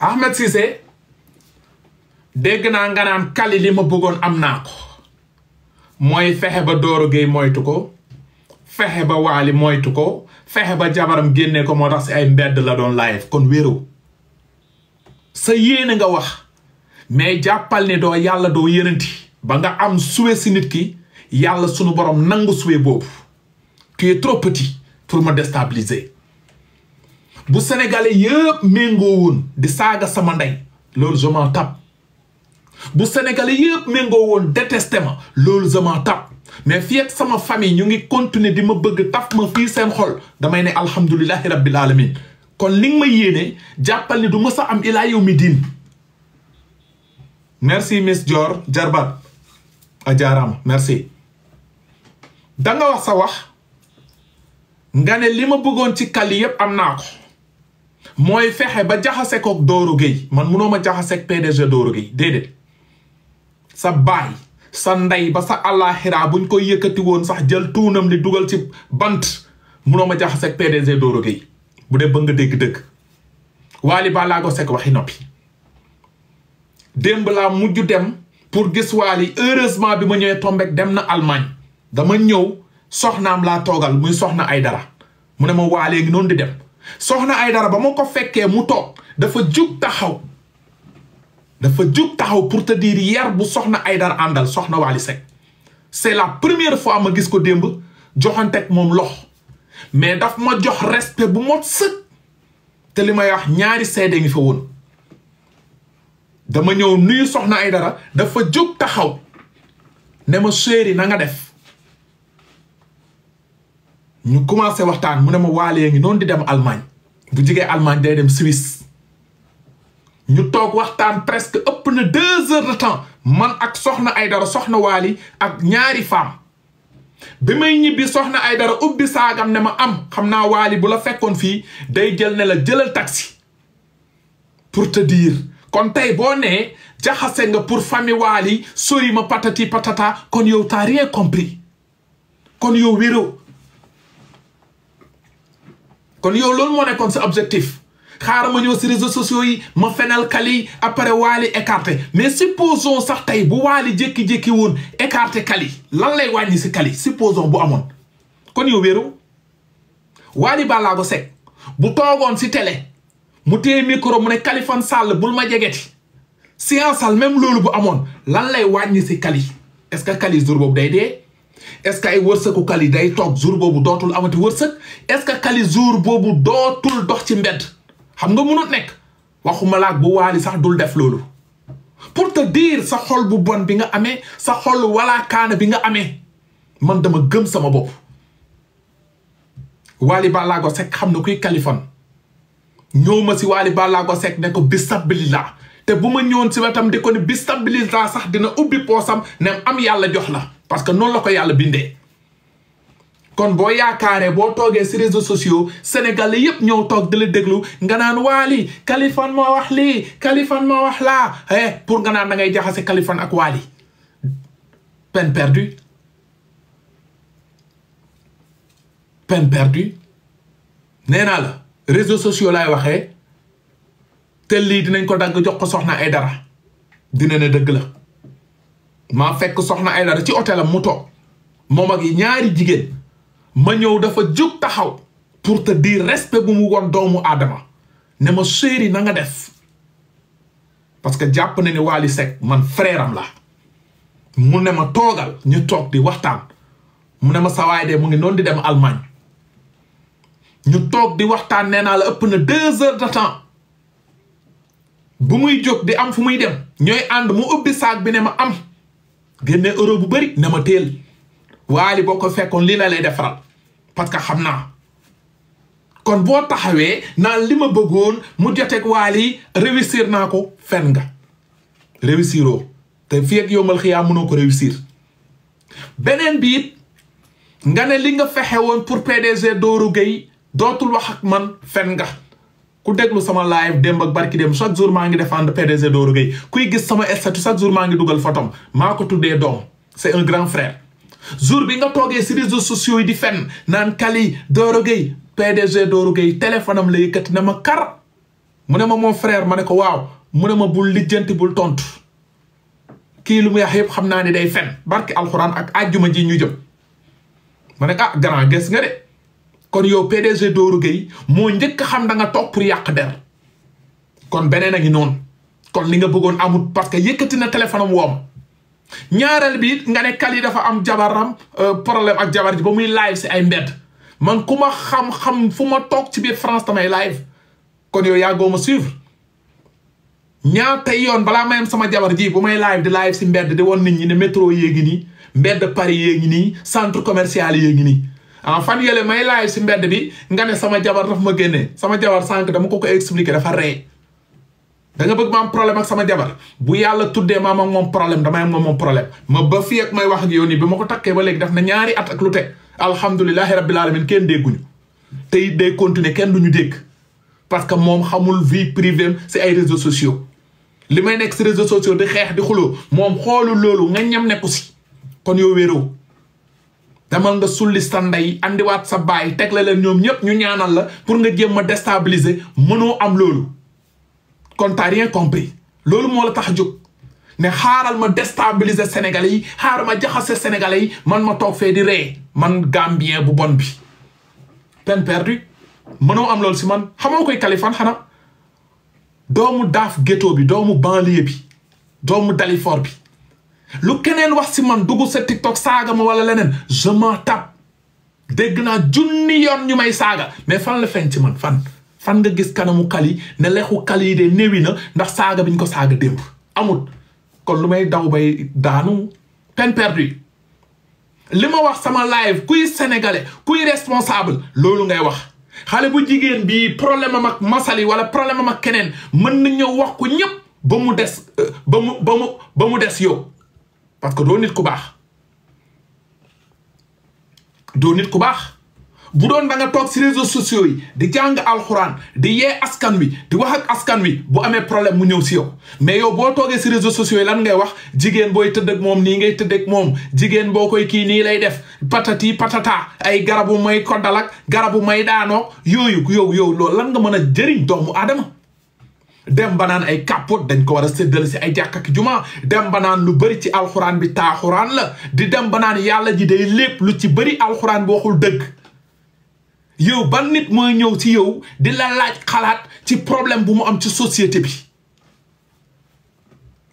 Ahmed Cissé dégg naa nga naan kali li ma bëggoon am naa ko mooy fexe ba Doro Gueye moytu ko fexe ba Waly moytu ko fexe ba jabaram génne ko moo tax si ay mbedd la doon live kon wéeroo sa yéene nga wax mais jàppal ne doo yàlla doo yénanti ba nga am suwe si nit ki yàlla sunu borom nangu suwe boobu tu es pour ma déstabiliser bu sénégalais yëpp méngoo woon di saaga sama ndey loolu je m'en bu sénégalais yëpp méngoo woon détesté ma loolu je tàpp tape mais fii sama famille ñu ngi continuer di ma bëgg taf ma fii seen xol damay ne alhamdulilahi rabbil alamin kon li nga ma yéene jàppal ni du mës a am ilaa yow mi diin merci miss Dior jarbat a jaaraama merci danga wax sa wax nga ne li ma bëggoon ci kali yépp am naa ko mooy fexe ba jaxase koog Doro Gueye man munoo ma jaxaseeg PDG Doro Gueye déedéet sa baay sa ndey ba sa àllaaxira buñ koy yëkkati woon sax jël tuunam ni dugal ci bant munoo ma jaxaseeg PDG Doro Gueye bu dee bëgg nga dégg dëgg Waly Ballago Seck waxi noppi démb laa mujj dem pour gis Waly heureusement bi ma ñëwee tombek dem na Allemagne dama ñëw soxnaam laa toogal muy soxna ay dara mu ne ma waalee ngi noonu di dem soxna dara ba ma ko fekkee mu toog dafa jug taxaw dafa jug taxaw pour te diir yar bu soxna ay dara àndal soxna Wally Seck c'est la première fois ma gis ko démb joxante moom lox mais dafa ma jox respect bu mot sëkk te li ma wax ñaari seede ngi fa woon dama ñëw nuyu soxna dara dafa jug taxaw ne ma chéri na nga def ñu commencé waxtaan mu ne ma waalee ngi noonu di dem Allemagne bu jigee Allemagne day dem Suisse ñu toog waxtaan presque ëpp na deux heures de temps man ak soxna ay dara soxna waali ak ñaari femme ba may ñibbi soxna ay dara ubbi saagam ne ma am xam naa waali bu la fekkoon fii day jël ne la jëlal taxi pour te dire kon tey boo nee jaxase nga pour famille waali sori ma patati patata kon yow t'as rien compris kon yow wéroo kon yow loolu moo nekkoon si objectif xaaral ma ñëw si ma fenal Kali après Wally écarté mais supposons sax tey bu waali jékki-jékki woon écarté Kali lan lay wàññi si Kali supposons bu amoon kon yow wéeru Wally Ballago Seck bu toogoon si tele mu téye micro mu ne Kaliphone Sall bul ma jegeti séance al même loolu bu amoon lan lay wàññi si Kali est-ce que Kali jour boobu day dee est-ce que ay wërsëgu kali day toog jour boobu dootul amati wërsëg est-ce que kali jour boobu dootul dox ci mbedd xam nga mënut nekk waxuma laak bu waali sax dul def loolu pour te dire sa xol bu bon bi nga amee sa xol wala kaana bi nga amee man dama gëm sama bopp waali balaago sek xam na kuy kalifon ñëw ma si waali balaago sek ne ko bisabilillah te bu ma ñëwoon si wetam di ko ne bisabilillah sax dina ubbi poosam ne am yàlla jox la parce que noonu la ko yàlla bindee kon boo yaakaaree boo toogee si réseaux sociaux sénégalais yépp ñëw toog di la déglu nga naan waali Kaliphone moo wax lii Kaliphone moo wax laa eh pour nga naan da ngay jaxase Kaliphone ak waali peine perdue peine perdue nee naa la réseaux sociaux laay waxee te lii dinañ ko dagg jox ko soxna ay dara dina ne dëgg la maa fekk soxna ay dara ci hôtelam mu toog moo mag yi ñaari jigéen ma ñëw dafa jóg taxaw pour te diir respect bu mu woon doomu aadama ne ma chéri na nga def parce que jàpp na ni waali Seck man frère la mu ne ma toogal ñu toog di waxtaan mu ne ma sawaay de mu ngi noonu di dem Allemagne ñu toog di waxtaan nee naa la ëpp na deux heures de temps bu muy jóg di am fu muy dem ñooy ànd mu ubbi saag bi ne ma am génne euro bu bëri ne ma teel waali boo ko fekkoon lii la lay defaral parce que xam naa kon boo taxawee naa li ma bëggoon mu joteeg waali réussir naa ko fen nga réussiroo te fii ak yombal xiyaa mënoo ko réussir beneen biit nga ne li nga fexe woon pour PDG dooru Gueye dootul wax ak man fen nga ku deglu sama live dem ak barki dem chaque jour maa ngi défendre PDG Doro Gueye kuy gis sama statut chaque jour maa ngi dugal photom maa ko tuddee doom c'est un grand frère jour bi nga toogee si réseaux sociaux yi di fen naan kali Doro Gueye PDG Doro Gueye téléphone am la na ma kar mu ne ma mon frère ma ne ko waaw mu ne ma bul lijjanti bul tontu kii lu muy wax yëpp xam naa ne day fen barki alxuraan ak àjjuma ji ñu jëm ma ne ah grand gis nga de kon yow PDG Dóoru Gueye moo njëkk xam danga toog pour yàq der kon beneen a ngi noonu kon li nga bëggoon amut parce que yëkkati na téléphone am woom ñaareel bi nga ne Kali dafa am jabaram euh, problème ak jabar ji ba muy live si ay mbedd man ku ma xam-xam fu ma toog ci biir France tamay live kon yow yaa ma suivre ñaata yoon balaa mayam sama jabar ji bu may live di live si mbedd di woon nit ñi ne métro yéegi nii mbedd Paris yéegi nii centre commercial yéegi nii ah fan yële may laay si mbedd bi nga ne sama jabar daf ma génne sama jabar sànq dama ko ko expliqué dafa ree da nga bëgg ma problème ak sama jabar bu yàlla tuddee dee am ak moom problème damay am moom problème ma ba fii ak may wax ak yow nii bi ma ko takkee ba léegi daf na ñaari at ak lu teg alhamdulilahi rabbil kenn dégguñu tey it day continuer kenn duñu dégg parce que moom xamul vie privée si ay réseaux sociaux li may nekk si réseaux sociaux di xeex di xuloo moom xoolu loolu nga ñam nekku si kon yow wéeroo demal nga sulli sa ndey andiwaat sa baay tegle leen ñoom ñëpp ñu ñaanal la pour nga jéem a déstabiliser mënoo am loolu kon t'as rien compris loolu moo la tax jóg ne xaaral ma déstabiliser sénégalais yi xaaral ma jaxase sénégalais yi man ma toog fee di ree man gambien bu bon bi peine perdue mënoo am loolu si man xamoo koy Kaliphone xanaa doomu daaf géto bi doomu banlieue bi doomu dalifor bi lu keneen wax si man dugg sa TikTok saaga ma wala leneen je m'en dégg naa junni yoon ñu may saaga mais fan la feeñ ci man fan fan nga gis kanamu kali ne lexu kali yi de néewi ndax saaga biñ ko saaga démb amut kon lu may daw bay daanu peine perdue li ma wax sama live kuy sénégalais kuy responsable loolu ngay wax xale bu jigéen bi problème am ak masali wala problème am ak keneen mën na ñëw wax ko ñëpp ba mu des euh, ba mu ba mu ba mu des yow parce que doo nit ku baax doo nit ku baax bu doon da nga toog si réseau sociaux yi di jàng alxuraan di yee askan wi di wax ak askan wi bu amee problème mu ñëw si yow mais yow boo toogee si réseau sociaux yi lan ngay wax jigéen booy tëdd ak moom nii ngay tëdd moom jigéen boo koy kii nii lay def patati patata ay garabu may koddal ak garabu may daanoo yooyu yow yow lool lan nga mën a jëriñ doomu aadama dem ba naan ay kàppoot dañ ko war a séddale si ay jàkk ak juma dem banaan lu bari ci alxuraan bi taaxuraan la di dem banaan yàlla ji day lépp lu ci bari alxuraan bi waxul dëgg yow ban nit mooy ñëw ci yow di la laaj xalaat ci problème bu mu am ci société bi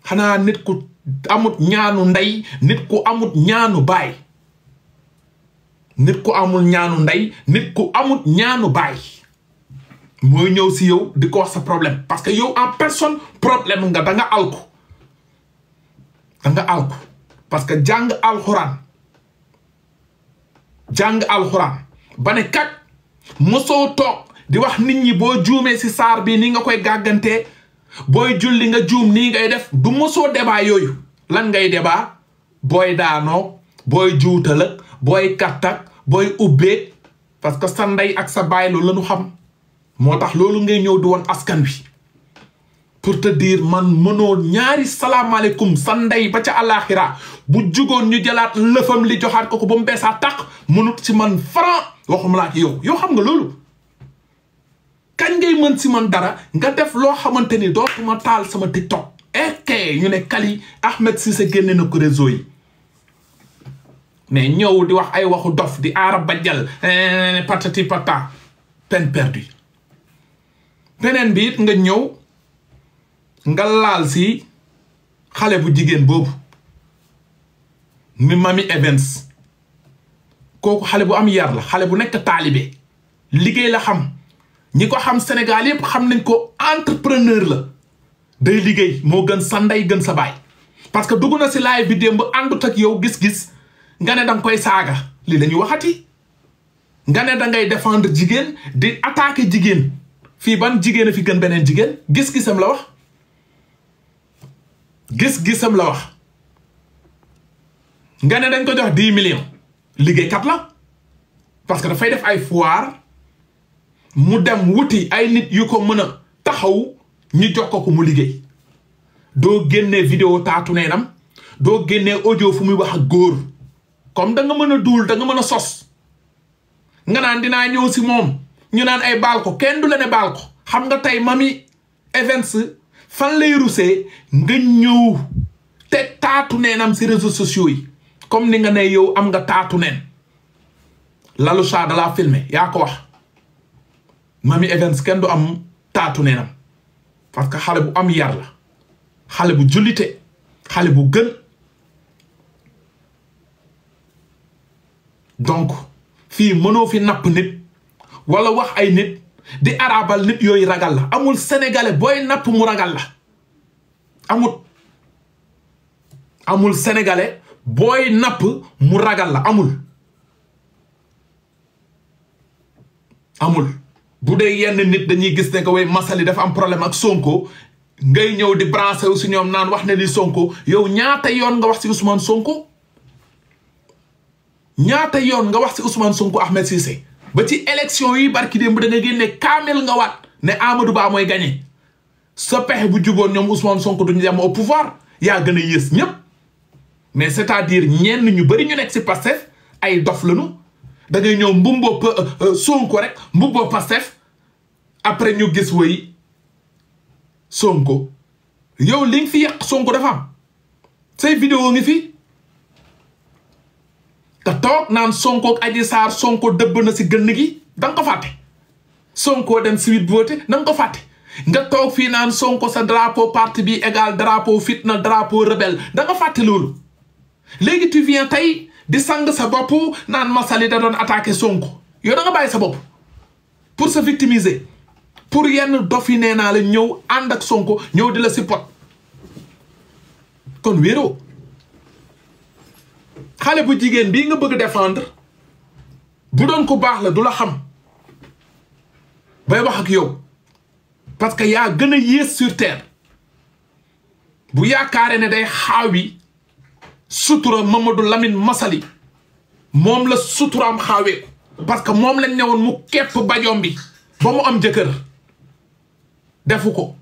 xanaa nit ku amut ñaanu ndey nit ku amut ñaanu baay nit ku amul ñaanu ndey nit ku amut ñaanu baay mooy ñëw si yow di ko wax sa problème parce que yow en personne problème nga danga nga alku da nga alku parce que jàng alxuraan jàng alxuraan ba ne kat mosoo toog di wax nit ñi boo juumee si saar bi ni nga koy gàggantee booy julli nga juum nii ngay def du mosoo débat yooyu lan ngay débat booy daanoo booy juutal ak booy kattak booy ubbeeg parce que sa ndey ak sa baay loolu la ñu xam moo tax loolu ngay ñëw di woon askan wi pour te dire man mënoo ñaari salaamaaleykum sa ndey ba ca àllaaxira bu jugoon ñu jëlaat lëfam li joxaat ko ko ba mu beesaa tàq mënut si man franc waxuma laa ci yow yow xam nga loolu kañ ngay mën si man dara nga def loo xamante ni dootuma taal sama tiktok ok ñu ne Kali si sa génne na ko réseau yi mais ñëw di wax ay waxu dof di aara bajjal eh, patati pata peine perdue beneen bi it nga ñëw nga laal si xale bu jigéen boobu mi Mamy Evans kooku xale bu am yar la xale bu nekk taalibe liggéey la xam ñi ko xam Sénégal yëpp xam nañ ko entrepreneur la day liggéey moo gën sa ndey gën sa baay parce que dugg na si laay bi démb àndut ak yow gis-gis nga ne danga koy saaga li la ñuy waxati nga ne dangay ngay jigéen di attaquer jigéen fii ban jigéen a fi gën beneen jigéen gis-gisam la wax gis-gisam la wax nga ne dañ ko jox dix millions liggéeykat la parce que dafay def ay foire mu dem wuti ay nit yu ko mën a taxaw ñu jox ko ko mu liggéey doo génnee vidéo taatu neenam doo génnee ojo fu muy wax ak góor comme da mën a duul da mën a sos nga naan dinaa ñëw si moom ñu naan ay baal ko kenn du la ne baal ko xam nga tey Mami Evans fan lay rusee nga ñëw te taatu neenam si réseaux sociaux yi comme ni nga ne yow am nga taatu neen Laloucha da laa filmé yaa ko wax Mami Evans kenn du am taatu neenam parce que xale bu am yar la xale bu jullite xale bu gën donc fii mënoo fi napp nit wala wax ay nit di arabal nit yooyu ragal la amul sénégalais booy napp mu ragal la amut amul sénégalais booy napp mu ragal la amul amul bu dee yenn nit dañuy gis ne que way Massaly dafa am problème ak Sonko ngay ñëw di branché wu si ñoom naan wax ne li Sonko yow ñaata yoon nga wax si Ousmane Sonko ñaata yoon nga wax si Ousmane Sonko Ahmed Cissé ba ci élection yi barki démb da nga génne kaamel nga waat ne Amadou Ba mooy gagné sa pexe bu juboon ñoom Ousmane Sonko duñu dem au pouvoir yaa gën a yées ñëpp mais c'est-à-dire ñenn ñu bëri ñu nekk si Pastef ay dof lañu da ngay ñëw mbubboo euh, euh, Sonko rek mbubboo Pastef après ñu gis woy Sonko yow li nga fi yàq Sonko dafa am say vidéo ngi fi te toog naan Sonko ak saar Sarr Sonko dëbb na si gënn gi da ko fàtte Sonko dem Sweet Beauté da nga ko fàtte nga toog fii naan Sonko sa drapo parti bi égal drapeau fitna drapeau rebelle da nga fàtte loolu léegi tu viens tey di sang sa bopp naan Massaly da doon attaqué Sonko yow da bàyyi sa bopp pour sa victimiser pour yenn dof yi nee naa la ñëw ànd ak Sonko ñëw di la si pot kon wéeroo xale bu jigéen bii nga bëgg défendre bu doon ko baax la du la xam bay wax yow parce que yaa gën a yées sur bu yaakaare ne day xaawi sutura Mamadou Lamine Massaly moom la suturaam xaaweeku parce que moom lañ newoon mu képp bajoom bi ba mu am jëkkër defu ko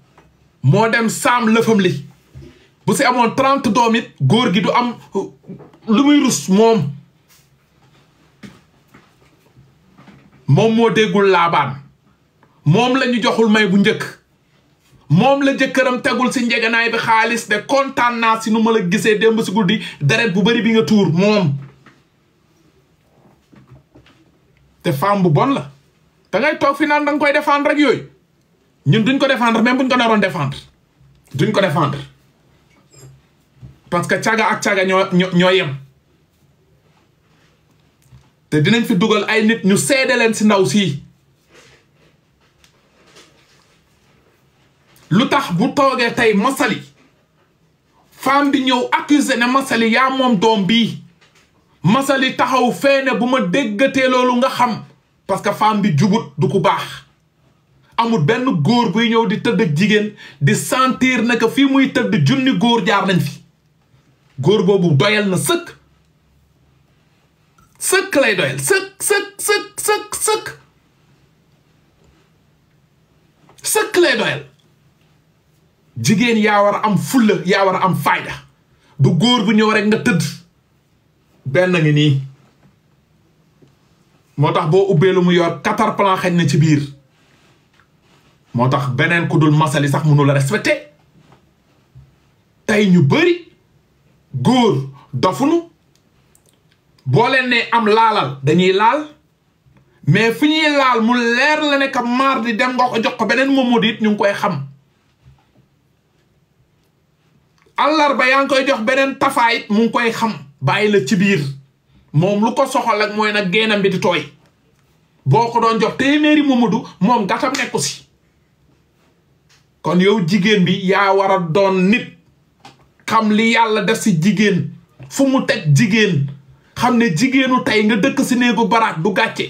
moo dem saam lëfam li bu si amoon trent doom góor gi du am lu muy rus moom moom moo déggul laabaan moom lañu joxul may bu njëkk moom la jëkkëram tegul si njeganaay bi xaalis de kontaan naa si nu ma la gisee démb si guddi deret bu bari bi nga tuur moom te femme bu bon la da ngay toog fi naan da koy défendre rek yooyu ñun duñ ko défendre même buñ ko naroon défendre duñ ko défendre parce que caga ak caga ñoo ñoo yem te dinañ fi dugal ay nit ñu seede leen si ndaw sii lu tax bu toogee tey masali femme bi ñëw accusé ne masali yaa moom doom bii Massaly taxaw feene bu ma déggatee loolu nga xam parce que femme bi jubut du ku baax amut benn góor guy ñëw di tëdd jigéen di sentir ne que fii muy tëdd junni góor jaar nañ fi góor boobu doyal na sëkk sëkk lay doyal sëkk sëkk sëkk sëkk lay doyal jigéen yaa war a am fulla yaa war am fayda du góor bu ñëw rek nga tëdd benn ngi nii moo tax boo ubbee lu mu yor quatre plan xañ na ci biir moo tax beneen ku dul masali sax mënu la respecté tey ñu bari góor dofunu boo leen ne am laalal dañuy laal mais fi ñuy laal mu leer la ne ka maar di dem nga ko jox ko beneen moomoo di it ñu ngi koy xam àllarba yaa ngi koy jox beneen tafaay it mu ngi koy xam bàyyi la ci biir moom lu ko soxal ak mooy nag génnam bi tooy boo ko doon jox téeméeri Momadou moom gàttam nekku si kon yow jigéen bi yaa war a doon nit xam li yàlla def si jigéen fu mu teg jigéen xam ne jigéenu tey nga dëkk si néegu baraat du gàcce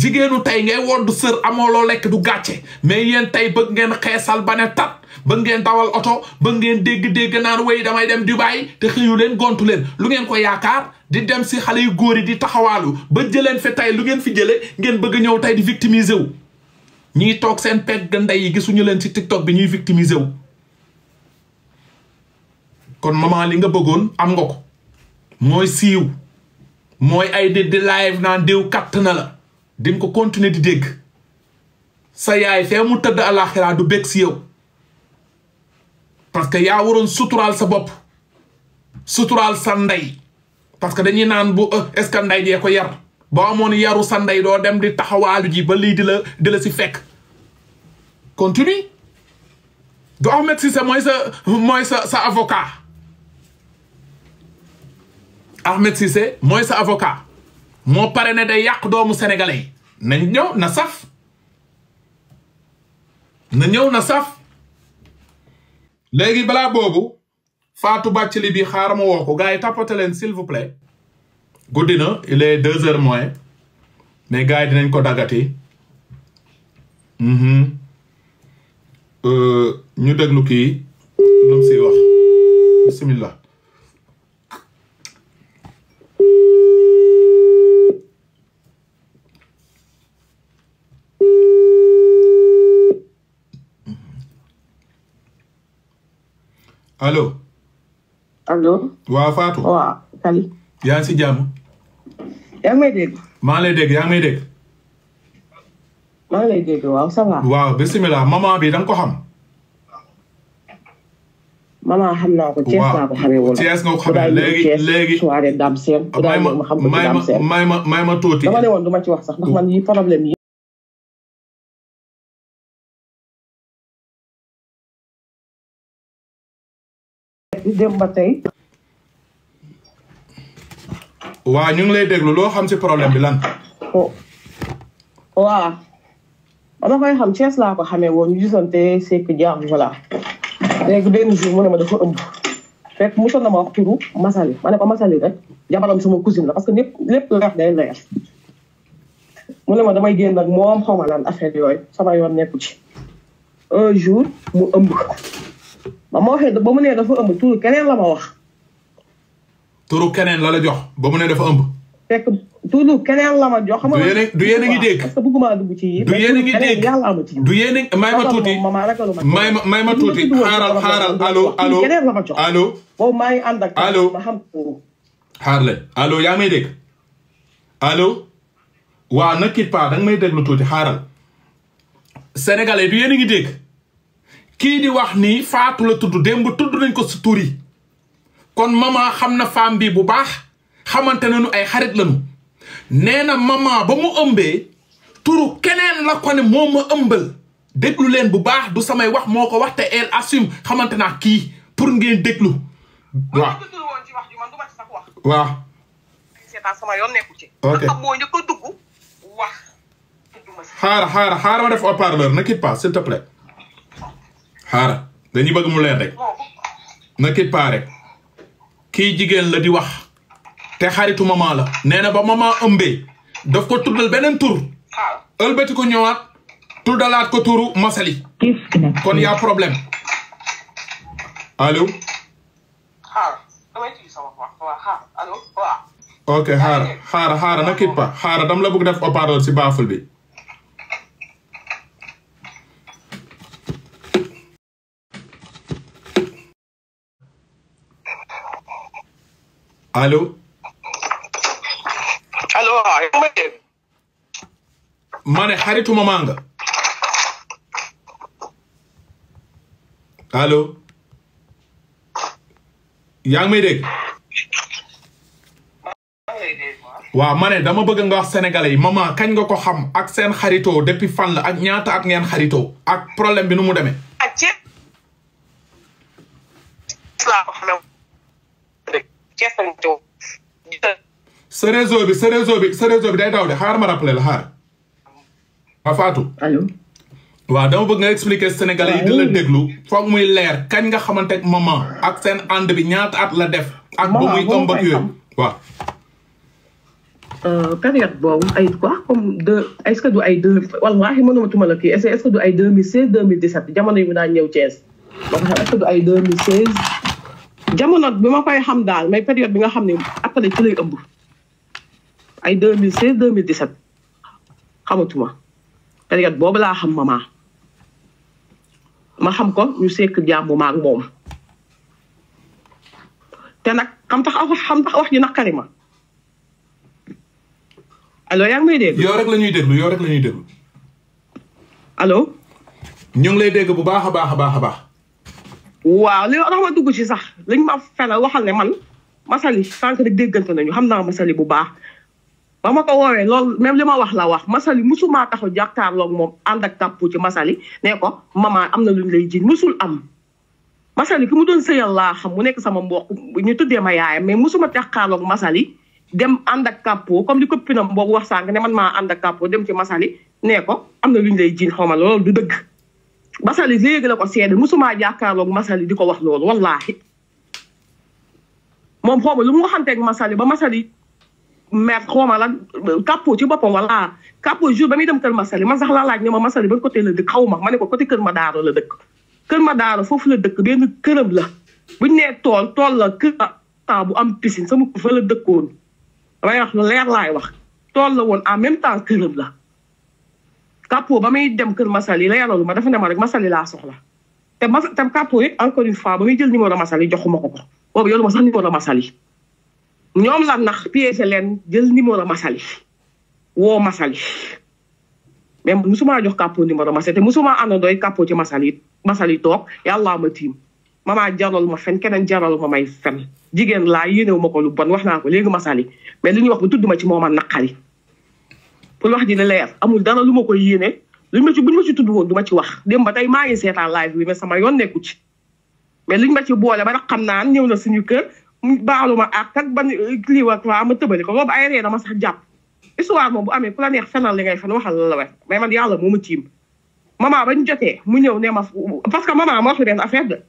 jigéenu tey ngay wodd sër amoo loo lekk du gàcce mais yéen tey bëgg ngeen xeesal ba ne tat bëgg ngeen dawal oto bëgg ngeen dégg-dégg naan way damay dem di bàyyi te xëyu leen gontu leen lu ngeen ko yaakaar di dem si xale yu góor yi di taxawaalu ba jëleen fi tey lu ngeen fi jëlee ngeen bëgg ñëw tey di victimiser wu ñiy toog seen pegg ndey yi gisuñu leen si TikTok bi ñuy victimiser wu kon maman li nga bëggoon am nga ko mooy siiw mooy ay di di live naan déw katt na la di ko continuer di dégg sa yaay fee mu tëdd alaxira du bég si yow parce que yaa waroon suturaal sa bopp suturaal sa ndey parce que dañuy naan bu euh, est-ce jee ko yar boo amoon yaru sa ndey doo dem di taxawaalu ji ba lii di la di la si fekk continue du Ahmed Cissé mooy sa mooy sa sa avocat Ahmed Cissé mooy sa avocat moo pare ne day yàq doomu sénégalais yi nañ ñëw na saf na ñëw na saf léegi balaa boobu Fatou Bathily bi xaar ma woo ko gars yi tapote leen s'il vous plaît guddi na il deux heures moins mais gars yi dinañ ko daggati mhm. euh, ñu déglu kii lu mu wax alo alo waaw Fatou. waaw yaa si jàmm. yaa may dégg. maa ngi lay dégg yaa ngi may dégg. maa ngi lay dégg waaw ça va. waaw bisimilah maman bi da ko xam. maman xam naa ko. waaw Thiès naa ko xamee wala. Thiès nga ko xamee léegi léegi soirée ma may ma may ma tuuti. dama ma ci wax sax ndax man yi problème démb ba tey. waaw ñu ngi lay déglu loo xam ci problème bi lan. Oh. waaw. dama koy xam Thiès laa ko xamee woon ñu gisante Seck Diam voilà léegi benn jour mu ne ma dafa ëmb fekk mosoon na ma wax turu Massaly ma ne ko Massaly rek jabaram sama cousine la parce que lépp lépp leer day leer. mu ne ma damay génn ak moom xaw ma lan affaire yooyu sama yoon nekku ci un jour mu ëmb. ba ma waxee ba mu nee dafa ëmb turu keneen la ma wax. turu keneen la la jox ba mu nee dafa ëmb. fekk turu keneen la ma jox. du yéen a ngi dégg parce que bëgguma dugg ci du yéen a ngi a ngi may ma tuuti may ma may ma allo allo keneen la ma jox allo. boobu maa ma xam ko. allo yaa may dégg allo. waaw ne quitte pas danga may déglu tuuti xaaral. sénégalais du yéen a ngi dégg. kii di wax nii faatula la tudd démb tudd lañ ko si tur kon maman xam na femme bi bu baax xamante nu ay xarit lañu nee na maman ba mu ëmbee turu keneen la ko ne moo ma ëmbal déglu leen bu baax du samay wax moo ko wax te elle assume xamante naa kii pour ngeen déglu waaw waaw xaara xaara xaara ma def parleur ne quitte pas xaar dañuy bëgg mu leen rek na kit paa kii jigéen la di wax te xaritu maman la nee na ba maman ëmbee daf ko tuddal beneen tur ëlbati ko ñëwaat tuddalaat ko turu masali kon y'a problème allo ok xaar xaar xaar na kit pa xaar dam la bug def haut-parleur si baaful bi allo. Ah, xaritu mama nga. allo. yaa ngi may dégg. waaw ma ne dama bëgg nga wax sénégalais yi maman kañ nga ko xam ak seen xaritoo depuis fan la ak ñaata ak ngeen xaritoo ak problème bi nu mu demee. Ah, gestantu sa réseau bi sa bi sa réseau bi day daw de xaar ma rappelé la xaar ma faatu allo dama bëgg nga expliquer Sénégalais di la déglu foog muy leer kañ nga xamante ak maman ak seen ànd bi ñaata at la def ak ba muy ëmb ak yooyu waaw période boobu ay quoi comme deux est-ce que du ay deux wallaahi mënumatuma kii est-ce que du ay deux mille seize deux mille dix-sept jamono mu daan ñëw Thiès ba xam ay deux mille seize jamono bi ma koy xam daal may période bi nga xam ne après ci lay ëmb ay 2016 2017 xamatuma période boobu laa xam mama ma xam ko ñu sekk jàmbu maag moom te nag xam tax xam tax wax ji naqari ma allo yaa ngi may yoo yow rek la ñuy déglu yow rek la ñuy déglu. allo. ñu ngi lay dégg bu baax a baax a baax a baax. waaw li tax ma dugg ci sax lañ ma fenal waxal ne man Massaly sànq nag na ñu xam naa Massaly bu baax ba ma ko woowee loolu même li ma wax la wax Massaly musumaa taxaw jàkkaarloog moom ànd ak kàppu ci Massaly ne ko maman am na luñ lay jiiñ musul am Massaly ki mu doon sëyal laa xam mu nekk sama mbokk ñu tuddee ma yaayam mais musuma jàkkaarloog Massaly dem ànd ak kàppu comme li ko pinam boobu wax sànq ne man maa ànd ak kàppu dem ci Massaly ne ko am na luñ lay jiin xaw ma loolu du dëgg Massaly léegi la ko seede musuma jàkkaarloog Massaly di ko wax loolu wallaahi moom xooma lu mu waxanteeg Massaly ba Massaly mer xooma la kàppo ci boppam wala kàppo jour ba muy dem kër Massaly man sax laa laaj ne ma Massaly ban côté la dëkk xaw ma ma ne ko côté kër ma daaro la dëkk kër ma daaro foofu la dëkk benn këram la buñ nee tool tool la kër temps bu am piscine sama fa la dëkkoon damay wax lu leer laay wax tool la woon en même temps këram la kàppo ba muy dem kër Massaly la yàlla ma dafa ne ma rek Massaly laa soxla te mas te kàppo it encore une fois ba muy jël masali jox joxuma ko ko boobu yoolu ma sax numéro Massaly ñoom la nax piégé leen jël numéro Massaly wo Massaly mais musuma jox kàppo numéro Massaly te musuma àndandooy kàppo ci Massaly Massaly toog yàllaa ma tiim mama jaral ma fen keneen jaral may fen jigéen laa yéenewu ma ko lu bon wax naa ko léegi Massaly mais li ñuy wax bu tudd ma ci moom a naqari pour wax ji ne leer amul dara lu ma koy yéene luñ ma ci buñ ma ci tudd woon du ma ci wax démb ba tey maa ngi seetaan live bi mais sama yoon nekku ci mais liñ ma ci boole ba nag xam naa ñëw na suñu kër baalu ma ak ak ban lii wax waa ma tëbali ko boobu ay ree dama sax jàpp histoire moom a amee ku la neex fenal li ngay fen waxal la man yàlla moo ma tiim maman bañ jotee mu ñëw ne ma parce que maman ma wax benn affaire de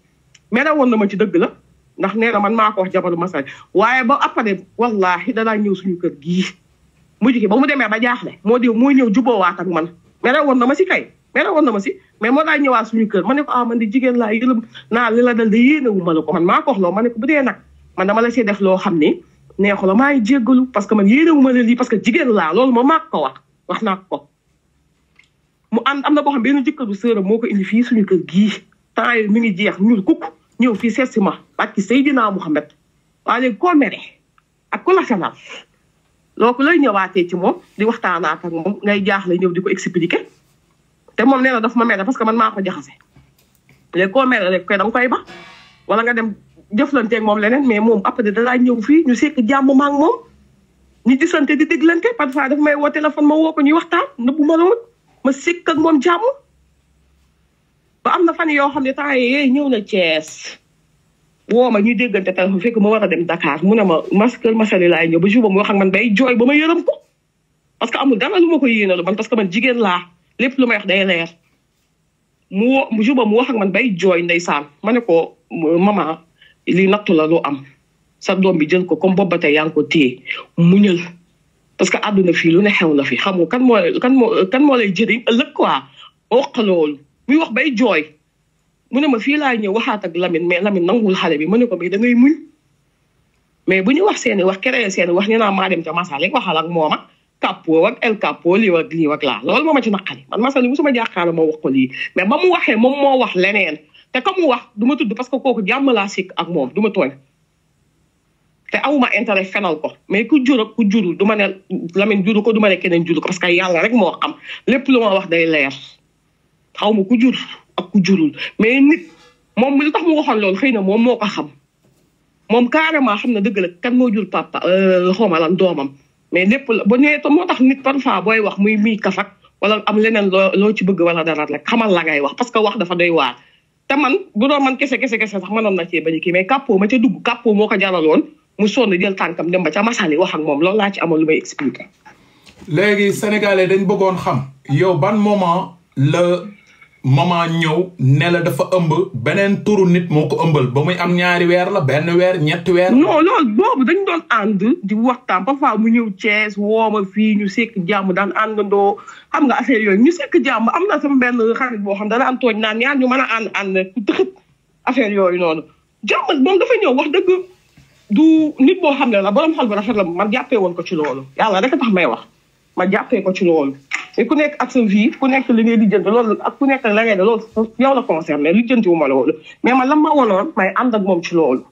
mais da woon na ma ci dëgg la ndax nee na man maa ko wax jabalu masal waaye ba après wallaahi danaa ñëw suñu kër gii mu ki ba mu demee ba jaaxle moo di mooy ñëw juboowaat ak man mere woon na ma si kay mere woon na ma si mais moo daay ñëwaat suñu kër ma ne ko ah jigéen laa yërëm naa li la dal de yéenewu ma la ko man maa ko wax loo ma ne see def loo xam ni neexu la maa ngi jéggalu parce que man yéenewu ma la lii parce que jigéen laa loolu ma maa ko wax wax ko mu am am na boo xam benn jëkkëru sëram moo ko indi fii suñu kër gii temps yi mi ngi jeex ñuul kukk ñëw fi seet si ma barki Seydina Muhammad waa léegi koo mere ak ku la donc looy ñëwaatee ci moom di waxtaanaat ak moom ngay jaaxle ñëw di ko expliquer te moom nee na daf ma mere parce que man maa ko jaxase le koo mere rek koy da nga koy ba wala nga dem jëflanteeg moom leneen mais moom après dalaa ñëw fii ñu sekk jàmm maa ngi moom ñu gisante di déglante parfois dafa may woo téléphone ma woo ko ñuy waxtaan nëbbu ma la woon ma sekk ak moom jàmm ba am na fan yoo xam ne temps yii ñëw na Thiès woo ma ñuy déggante téléphone fekk ma war a dem Dakar mu ne ma maskal masali laay ñëw ba jour mu wax man bay jooy ba ma yërëm ko parce que amul dara lu ma ko yéenalu man parce que man jigéen laa lépp lu may wax day leer mu woo mu wax ak man bay jooy ndeysaan ma ne ko maman lii nattu la lu am sa doom bi jël ko comme boobu ba tey yaa ngi ko téye muñal parce que àdduna fii lu ne xew na fi xam nga kan moo kan moo kan moo lay jëriñ ëllëg quoi wax muy wax bay jooy mu ne ma fii laa ñëw waxaat ak Lamine mais Lamine nanguwul xale bi mu ne ko mais da ngay muñ mais bu ñu wax seeni wax créé seeni wax nee naa maa dem ca Masalik waxal ak mooma Capo ak El Capo lii ak lii ak laa loolu moo ma ci naqari man Masalik musuma jàkkaarloo ma wax ko lii mais ba mu waxe moom mo wax leneen te ka mu wax du ma tudd parce que kooku jàmm laa sikk ak moom duma ma tooñ te awuma intérêt fenal ko mais ku jur ku jurul du ma ne Lamine juru ko duma ma ne keneen juru parce que yàlla rek moo xam lépp lu ma wax day leer xaw ma ku jur ak mais nit moom li tax mu waxoon loolu xëy na moom moo ko xam moom carrément xam na dëgg la kan moo jur papa euh, xaw ma doomam mais lépp la ba nee moo tax nit parfois booy wax muy muy kafak wala am leneen loo loo ci bëgg wala dara rek xamal la ngay wax parce que wax dafa doy waar. te man bu doon man kese kese kese sax mënoon na cee ba kii mais kàppoo ma ca dugg kàppoo moo ko jaraloon mu sonn jël tànkam dem ba ca masali wax ak moom lool laa ci amoon lu may expliquer. léegi sénégalais dañ bëggoon xam yow ban moment maman ñëw ne la dafa ëmb beneen turu nit moo ko ëmbal ba muy am ñaari weer la benn weer ñetti weer. ñoo loolu boobu dañ doon ànd di waxtaan parfois mu ñëw Thiès wooma fii ñu sekk jàmm daan àndandoo xam nga affaire yooyu ñu sekk jàmm am na sama benn xarit boo xam dana am tooñ naan ñaar ñu mën a ànd ànd ku dëxët affaire yooyu noonu. jàmm moom dafa ñëw wax dëgg du nit boo xam ne la borom xol bu rafet la man jàppee woon ko ci loolu yàlla rek tax may wax ma jàppee ko ci loolu. et ku nekk ak sa vie ku nekk li ngay lijjanti loolu ak ku nekk la ngay ne loolu yow la concerné lijjanti wu ma loolu mais man la ma wanoon may ànd ak moom ci loolu.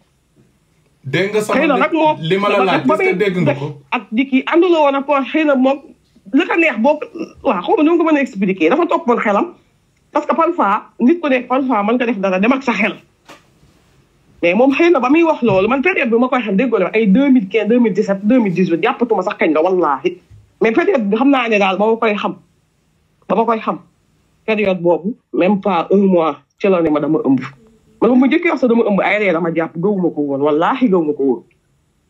dégg nga sama li ma la laaj est-ce que dégg nga ko ak di kii ànduloo woon ak koo na moom ko neex boo waaw xaw ma nu ko mën a expliquer dafa toppoon xelam. parce que parfois nit ku nekk parfois mën nga def dara dem ak sa xel mais moom xëy na ba muy wax loolu man période bi ma koy xam déggoo la ay 2015 2017 2018 jàppatuma sax kañ la wallaahi. mais peut-être xam naa ne daal ba ma koy xam ba ma koy xam période boobu même pas un mois ci la ne ma dama ëmb. man bu ma njëkkee wax sax dama ëmb ay ree dama jàpp gëwuma ko woon wallaahi gëwuma ko woon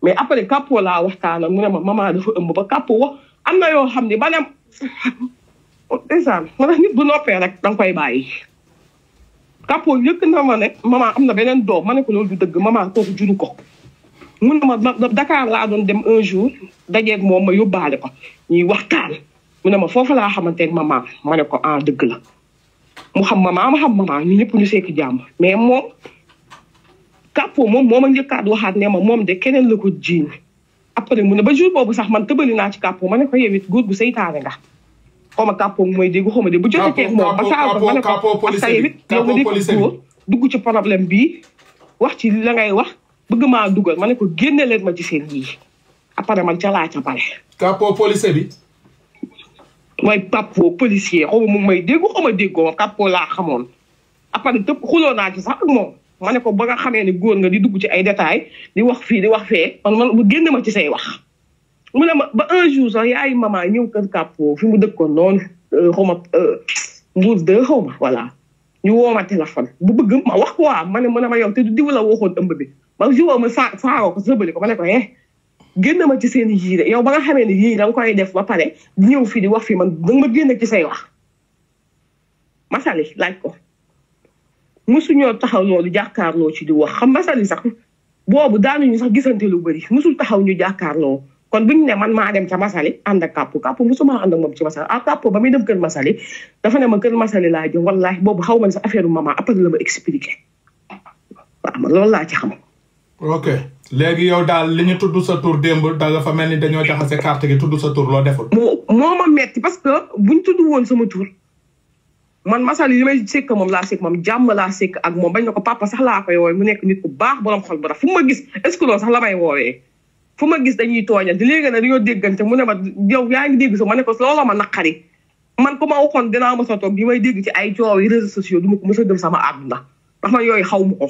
mais après kàppoo laa waxtaan ak mu ne ma maman dafa ëmb ba kàppoo wax am na yoo xam ni ba dem ndeysaan ma ne bu noppee rek danga koy bàyyi. kàppoo yëkk na ma ne maman am na beneen doom ma ne ko loolu du dëgg maman kooku juru ko. mun na ma Dakar laa doon dem un jour dajeeg moom ma yóbbaale ko ñuy waxtaan mu ne ma foofu laa xamante ne maman ma ne ko ah dëgg la mu xam maman ma xam maman ñu ñëpp ñu sekk jàmm mais moom kàppoo moom moo ma njëkkaat waxaat ne ma moom de keneen la ko jiiñ après mu ne ba jour boobu sax man tëbali naa ci kàppoo ma ne ko yow it góor gu seytaane nga xaw ma kàppoo mooy dégg xaw ma de bu jotee moom ba saa ma ne ko ak sa yow it yow dugg ci problème bi wax ci la ngay wax bëgg ma dugal ma ne ko génne leen ma ci seen yii après man ca laa ca pare. capot policier bi. mooy capot policier xaw ma mu may dégg xaw ma déggoo ma laa xamoon. après tëpp xuloo naa ci sax ak moom ma ko ba nga xamee ne góor nga di dugg ci ay détails di wax fii di wax fee ma man génne ma ci say wax. mu ne ma ba un jour sax yaay maman ñëw kër capot fi mu dëkkoon noonu euh, xaw ma euh, mbuur de xaw ma voilà ñu woo ma téléphone bu bëgg ma wax quoi ma ne ma ne ma yow te du diw la waxoon bi. ba joueur ma saa saaroo ko sëbali ko ba ne ko eh génn ma ci seen yii yow ba nga xamee ne yii da koy def ba pare ñëw fii di wax fii man da nga ma génn ci say wax Massaly laaj ko mosuñoo taxaw loolu jàkkaarloo ci di wax xam Massaly sax boobu ñu sax gisante lu bëri mosul taxaw ñu jàkkaarloo kon buñu ne man maa dem ca Massaly ànd ak kàpp kàpp mosuma ànd ak moom ci Massaly a kàpp ba muy dem kër Massaly dafa ne ma kër Massaly laa jëm boobu xaw ma sax affaire maman après la ma expliqué loolu laa ci xam ok léegi yow daal li ñu tudd sa tur démb da nga fa mel ni dañoo jaxase carte gi tudd sa tur loo deful. moo moo ma metti parce que bu ñu tudd woon sama tur man Massaly yi may sekk moom laa sekk moom jàmm laa ak moom bañ na ko papa sax laa koy woowee mu nekk nit ku baax borom xol bu rafet fu ma gis est-ce que sax la may woowee. fu ma gis dañuy tooñal di léegi nag dañoo déggante mu ne ma yow yaa dégg so ma ne ko loola ma naqari man ku ma waxoon dinaa mos a toog bi may dégg ci ay coow yi réseaux sociaux du ma ko mos a gëm sama àdduna ndax man xaw ma ko.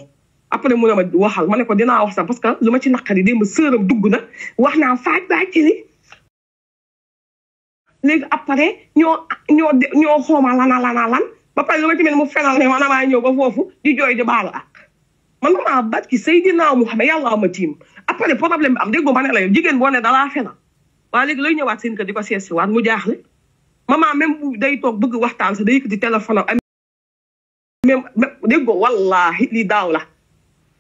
après mu ne ma waxal ma ne ko dinaa wax sax parce que lu ma ci naqari démb sëram dugg na wax naa faaj bàcc ni léegi après ñoo ñoo ñoo xooma lana lana lan ba pare lu ma tamit mu fenal ne man maa ñëw ba foofu di jooy di baalu ak man maa bat ki Seydina Muhammad yàlla ma tiim après problème bi am dégg ma ne la jigéen boo ne dalaa fenal waaye léegi lay ñëwaat seen kër di ko seet si waat mu jaaxle maman même bu day toog bëgg waxtaan sax day di téléphone am même daaw la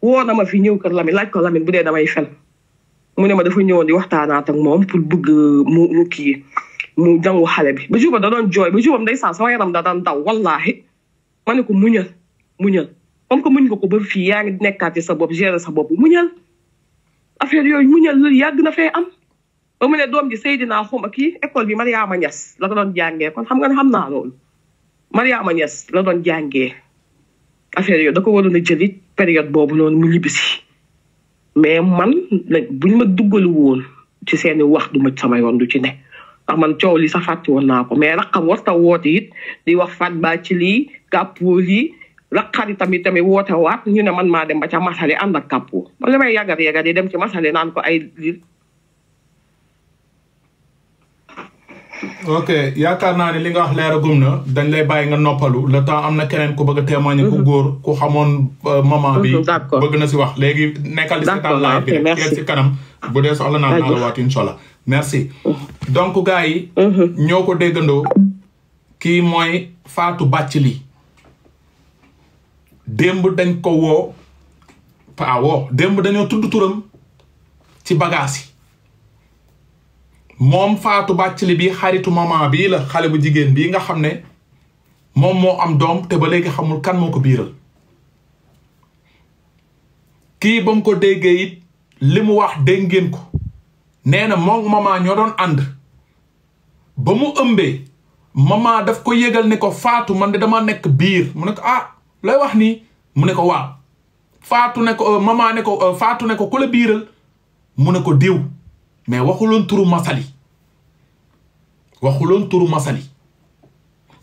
woo na ma fi ñëw kër Lamine laaj ko Lamine bu dee damay fen mu ne ma dafa ñëwoon di waxtaanaat ak moom pour bëgg mu mu kii mu jàngu xale bi. ba juba da doon jooy ba juba ndeysaan sama yaram da daan daw wallaahi ma ne ko muñal muñal comme muñ nga ko ba fii yaa ngi nekkaat sa bopp gérer sa bopp muñal yooyu muñal loolu yàgg na fee am. ba mu ne doom ji Seydina xuma kii école bi Mariama Niass la ko doon jàngee kon xam nga ne xam naa loolu Mariama Niass la doon jàngee affaire yooyu da waroon a jëlit période boobu noonu mu ñibbisi mais man buñ ma duggali woon ci seeni wax du ma sama yoon du ci ne ndax man coow li sax fàtte woon naa ko mais raqam warta woote it di wax Fatou Ba ci lii kàppoo lii raqari tamit tamit woote waat ñu ne man maa dem ba ca masale ànd a kàppoo man li may yàggat yàggat yi dem ci masale naan ko ay ok yaakaar naa ne li nga wax leer gum na dañ lay bàyyi nga noppalu le temps am na keneen ku bëgg a témoigner ku mhm. góor ku xamoon euh, maman bi mhm, bëgg na si wax léegi nekkal di seetaan live bi rek si kanam bu dee soxla naa naa la waat incha allah merci mhm. donc gars yi ñoo ko déggandoo kii mooy Fatou Bathily démb dañ ko woo pa démb dañoo tudd turam ci bagage yi moom Fatou Bathily bi xaritu maman bii la xale bu jigéen bii nga xam ne moom moo am doom te ba léegi xamul kan moo ko biiral kii ba mu ko déggee it li mu wax dégg ngeen ko nee na moom maman ñoo doon ànd ba mu ëmbee maman daf ko yëgal ne ko faatu man de dama nekk biir mu ne ko ah lay wax nii mu ne ko waaw faatu ne ko euh, maman ne ko euh, faatu ne ko ku la biiral mu ne ko diw mais waxuloon turu Massaly waxuloon turu Massaly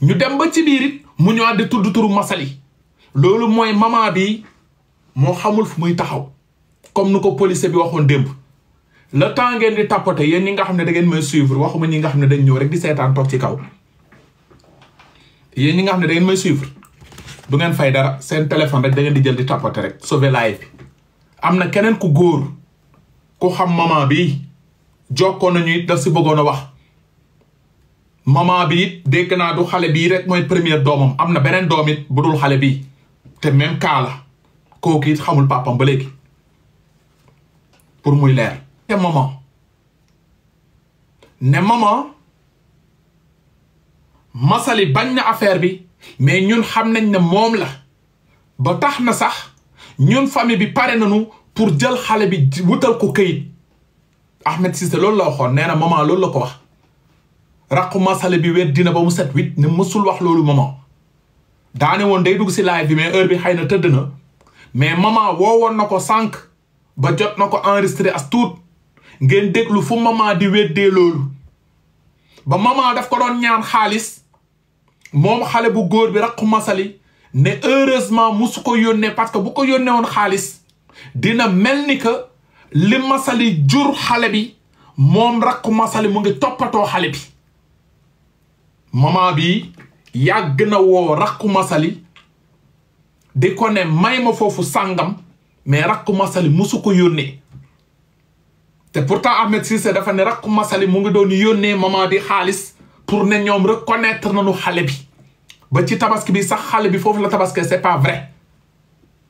ñu dem ba ci biir it mu ñëwaat di tudd turu Massaly loolu mooy maman bi moo xamul fu muy taxaw comme nu ko policier bi waxoon démb le temps ngeen di tapoter yéen ñi nga xam ne da ngeen may suivre waxuma ñi nga xam ne dañ ñëw rek di seetaan ci kaw yéen ñi nga xam ne da may suivre du ngeen fay dara seen téléphone rek da ngeen di jël di tapoter rek sauver bi am na keneen ku góor ku xam maman bi jokkoon nañu it daf si bëggoon a wax maman bi it dégg naa du xale bii rek mooy première doomam am na beneen doom bu dul xale bi te même cas la kooku it xamul papam ba léegi pour muy leer te maman ne maman Massaly bañ a affaire bi mais ñun xam nañ ne moom la ba tax na sax ñun famille bi pare nañu pour jël xale bi wutal ko këyit Ahmed Cissé loolu la waxoon nee na maman loolu la ko wax raqu masale bi wet dina ba mu set wit ne mësul wax loolu maman daane woon day dugg si live bi mais heure bi xay na tëdd na mais maman woowoon na ko sànq ba jot na ko enregistré as tuut ngeen déglu fu maman di weddee loolu ba maman def ko doon ñaan xaalis moom xale bu góor bi raqu masali ne heureusement musu ko yónnee parce que bu ko yónnee woon xaalis dina mel ni li masali jur xale bi moom rakku masali mu ngi toppatoo xale bi maman bi yàgg na woo rakku masali di ko ne may ma foofu sàngam mais rakku masali musu ko yónnee te pourtant Ahmed Cissé dafa ne rakku masali mu ngi doon yónnee maman bi xaalis pour ne ñoom rek na nañu xale bi ba ci tabaski bi sax xale bi foofu la tabaski c'est pas vrai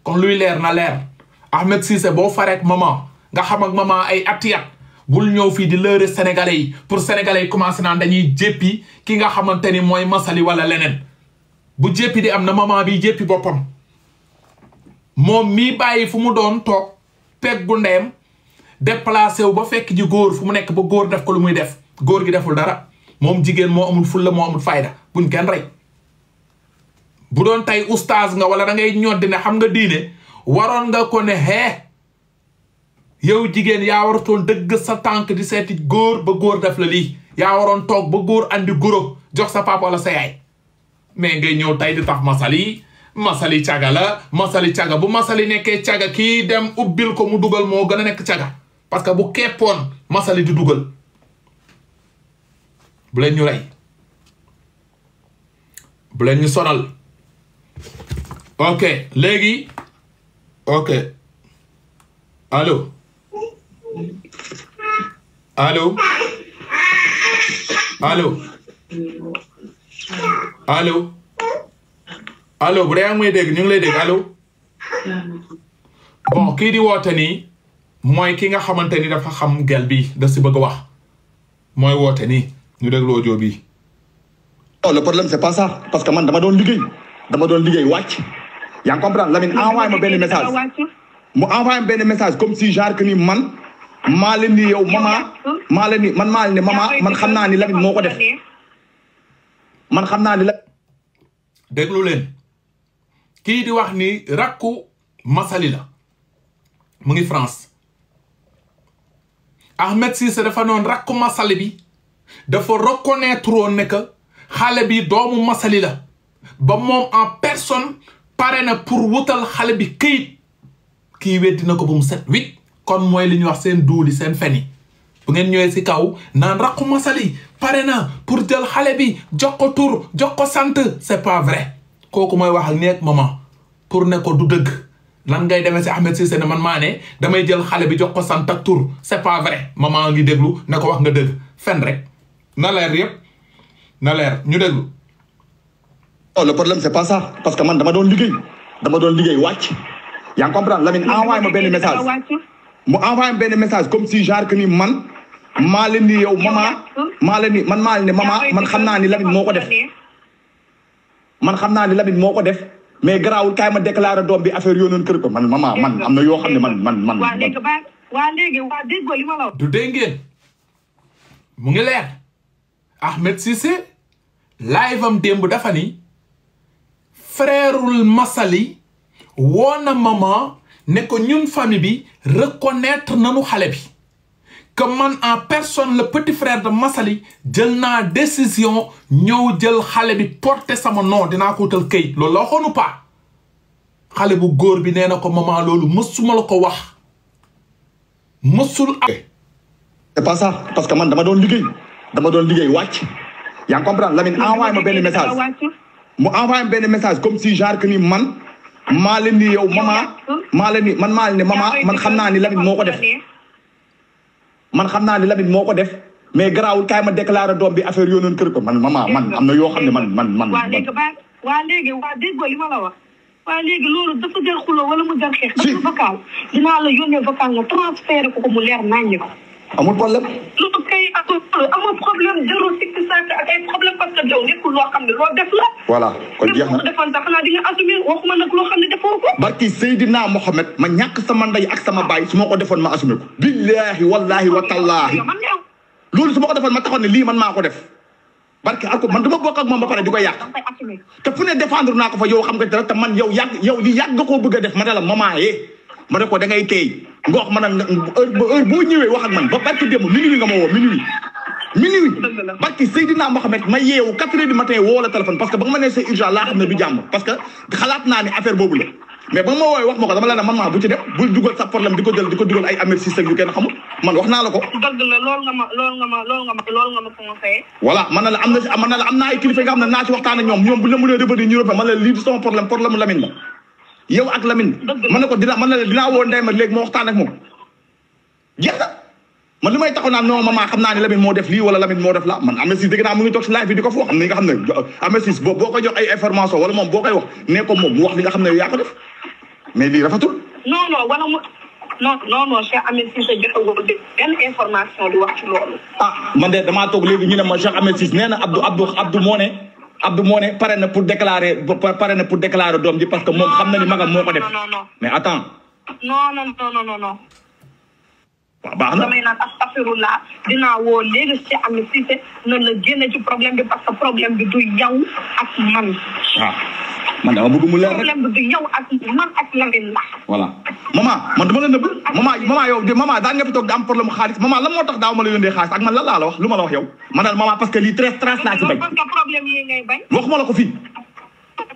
kon luy leer na leer Ahmed Cissé boo fareek maman nga xam ak maman ay atiyat bul ñëw fii di lëre sénégalais yi pour sénégalais yi commencé naa dañuy jéppi ki nga xamante ni mooy masali wala leneen bu jëppi de am na maman bi jéppi boppam moom mii bàyyi fu mu doon toog peggu ndeyam déplacé wu ba fekk ji góor fu mu nekk ba góor def ko lu muy def góor gi deful dara moom jigéen moo amul fulla moo amul fayda buñ kenn rey bu doon tey oustaz nga wala da ngay ñoddi ne xam nga diine waroon nga ko ne hee yow jigéen yaa waratoon dëgg sa tànk di seeti góor ba góor def la lii yaa waroon toog ba góor andi goro jox sa papa wala sa yaay mais ngay ñëw tey di tax masali masali caga la masali caga bu masali nekkee caga kii dem ubbil ko mu dugal moo gën a nekk caga parce que bu keppoon masali di duggal bu leen ñu rey bu leen ñu sonal ok léegi ok allo allo allo allo allo bu dee yaa ngi dégg ñu ngi lay dégg alo bon kii di woote nii mooy ki nga xamante ni dafa xam gel bi da si bëgg a wax mooy woote nii ñu déglu audio bi. o le problème c'est pas ça parce que man dama doon liggéey dama doon liggéey wàcc yaa ngi comprendre Lamine envoyé ma benn message mu envoyé ma benn message comme si genre que ni man. maa leen ni yow mama maa ni man maa ni mama man xam naa ni Lamine moo ko def man xam naa ni la. déglu leen kii di wax ni rakku masali la mu ngi France Ahmed Cissé dafa noon rakku masali bi dafa reconnaître woon ne xale bi doomu Massaly la ba moom en personne pare na pour wutal xale bi këyit kii weddi na ko ba mu set wit kon mooy li ñuy wax seen duuli seen feni bu ngeen ñëwee si kaw naan raqu masali pare na pour jël xale bi jox ko tur jox ko sant c'est pas vrai kooku mooy wax ak neeg maman pour ne du dëgg lan ngay demee si Ahmed Cissé ne man maa ne damay jël xale bi jox ko sant ak tur c'est pas vrai maman ngi déglu ne ko wax nga dëgg fen rek na leer yëpp na leer ñu déglu. non le problème c'est pas ça parce que man dama doon liggéey dama doon liggéey wàcc yaa ngi comprendre Lamine envoyé ma benn message. mu envoyé benn message comme si genre que ni man maa ni yow mama maa leen ni man maa ni mama man xam naa ni Lamine moo ko def man xam naa ni Lamine moo ko def mais garaawul kaay ma déclaré doom bi affaire yoonoon kër ko man mama man am na yoo xam ne man man man. waa léegi waa déggoo li ma la wax. du dégg ngeen mu ngi leer Ahmed Cissé live am démb dafa ni frèreul Massaly woon na ne ko ñun famille bi reconnaître nañu xale bi que man en personne le petit frère de Massaly jël naa décision ñëw jël xale bi porter sama nom dinaa ko wutal këyit loolu la waxoonu pas xale bu góor bi nee na ko maman loolu mësuma la ko wax mësul am. c'est pas ça parce que man dama doon liggéey dama doon liggéey wàcc yaa ngi comprendre Lamine envoyé ma benn message mu envoyé ma benn message comme si genre que ni man. maa leen ni yow mama maa leen ni man maa leen ni mama man xam naa ni Lamine moo ko def man xam naa ni Lamine moo ko def mais garaawul kaay ma déclaré doom bi affaire yoonoon kër ko man mama man am na yoo xam ne man man man waa léegi ba waa léegi waa déggoo ma la wax waa loolu dafa jar xuloo wala mu jar xeex dafa vocal dinaa la yónnee vocal nga ko ko mu leer nañ ko amul problème. loolu kay amul problème jarul sikki sàkk ak loo xam ne loo def la. voilà kon jeex na mais defoon sax xanaa di nga assumé waxuma nag loo xam ne defoo ma ñàkk sama ndey ak sama baay su ma ko defoon ma assumé ko. billahi wallahi wa tallaahi loolu su ma ko defoon ma taxoon ne lii man maa ko def. barke ak man dama bokk ak moom ba pare di ko yàq te fu ne défendre naa ko fa yow xam nga dara te man yow yàgg yow li yàgg nga koo bëgg a def ma ne la maman yee. ma ne ko da nga wax ma wax ak man ba barki naa la. ko man naa la am na man na la am na naa ci waxtaan ñoom ñoom bu ñu la mënee revenir ñu revenir man la lii du sama problème problème mu Lamine yow ak Lamine. man na ko dina man na dinaa woo Ndeye Mary léegi ma waxtaan na man li may taxaw naan non maman xam naa ne Lamine moo def lii wala Lamine moo def la man Amnesty dégg naa mu ngi toog si live bi di ko foo xam ne nga xam ne Amnesty boo boo jox ay information wala moom boo koy wax nee ko moom wax li xam ne yaa ko def mais lii non non wala mu non non non Cheikh Ahmed Cissé ah, man de damaa toog léegi ñu ne ma Cheikh Ahmed nee na Abdou Abdou Abdou moo ne pare na pour déclarer pare na pour déclarer doom ji parce que moom xam na ni magam moo ko def mais attends non waaw baax na damay naan astafirullah dinaa woo léegi si Ami Cissé noonu la génne ci problème bi parce que problème bi du yow ak man. man dama bëgg mu la. voilà maman man dama la daan nga fi toog di problème xaalis maman lan moo tax daaw ma la yónnee xaalis ak man lan laa la wax lu ma la wax yow. man daal maman parce que lii très trace laa ci bañ. parce que la ko fii.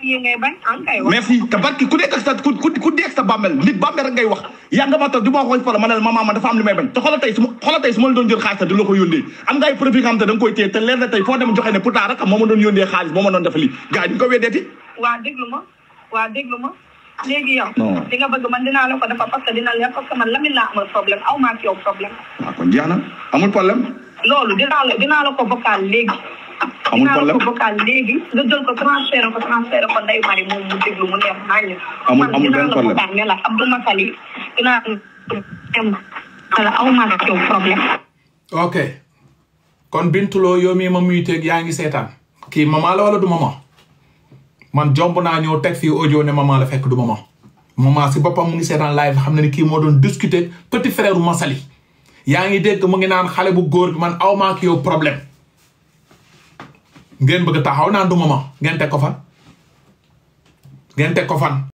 fii ngay bañ an ah, ku nekk ak sa ku rek ngay wax yaa ma toog di ma wax par ma ne la am li may bañ te xoolal tey su ma doon jël xaalis te loolu dinaa la dinaa léegi amul problème ko vocal léegi nga jël ko transféré amul amul benn problème man la vocal ne la Abdou Massaly dinaa dem ok kon Bintuloo yow mii ma muyteeg yaa ngi seetaan kii maman la wala du maman man jomb naa ñëw teg fii audio ne la fekk du maman maman si boppam mu ngi seetaan live xam ne ni kii moo doon discuter petit frère Massaly yaa ngi dégg mu ngi naan xale bu góor man aw ma yow problème. ngeen bëgg taxaw naan du ma ma ngeen teg ko fan ngeen teg ko fan.